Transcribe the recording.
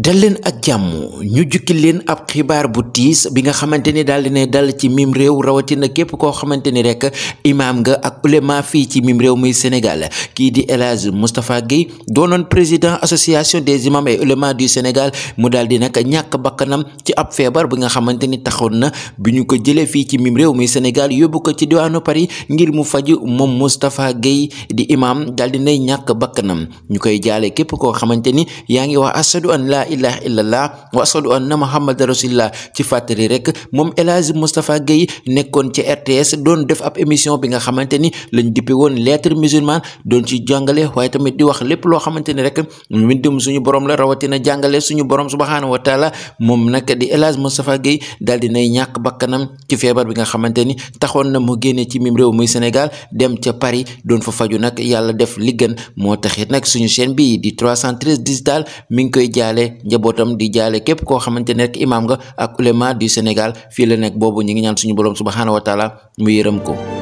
dal leen ak jàmm ñu jukki leen ab xibaar bu tiis bi nga xamante ni daal di ne dal ci mim réew rawatina képp koo xamante ni rek imaam nga ak ulema fii ci mim réew muy Sénégal kii di El Hadj Moustapha Guèye doonoon président association des imams et ulema du Sénégal mu daal di nag ñàkk bakkanam ci ab feebar bi nga xamante ni taxoon na bi ñu ko jëlee fii ci mim réew muy Sénégal yóbbu ko ci diwaanu Paris ngir mu faj moom Moustapha Guèye di imaam daal di nay ñàkk bakkanam ñu koy jaale képp ilaha illallah wa asadu anna muhammadan rasulillah ci fàttali rek moom El Hadji Moustapha nekkoon ci RTS doon def ab émission bi nga xamante ni lañ dippe woon lettre musulmane doon ci jàngale waaye tamit di wax lépp loo xamante ni rek mbindum suñu borom la rawatina jàngale suñu borom subhaanahu wa taala moom nag di El Hadji Moustapha Guèye daal dinay ñàkk bakkanam ci feebar bi nga xamante ni taxoon na mu génne ci mim réew muy Sénégal dem ca Paris doon fa faju nag yàlla def li moo taxit njabootam di jaale képp koo xamante ne rek imaam nga ak ulema du Sénégal fii la nekk boobu ñu ngi ñaan suñu borom subhaanahu wa taala mu yërëm ko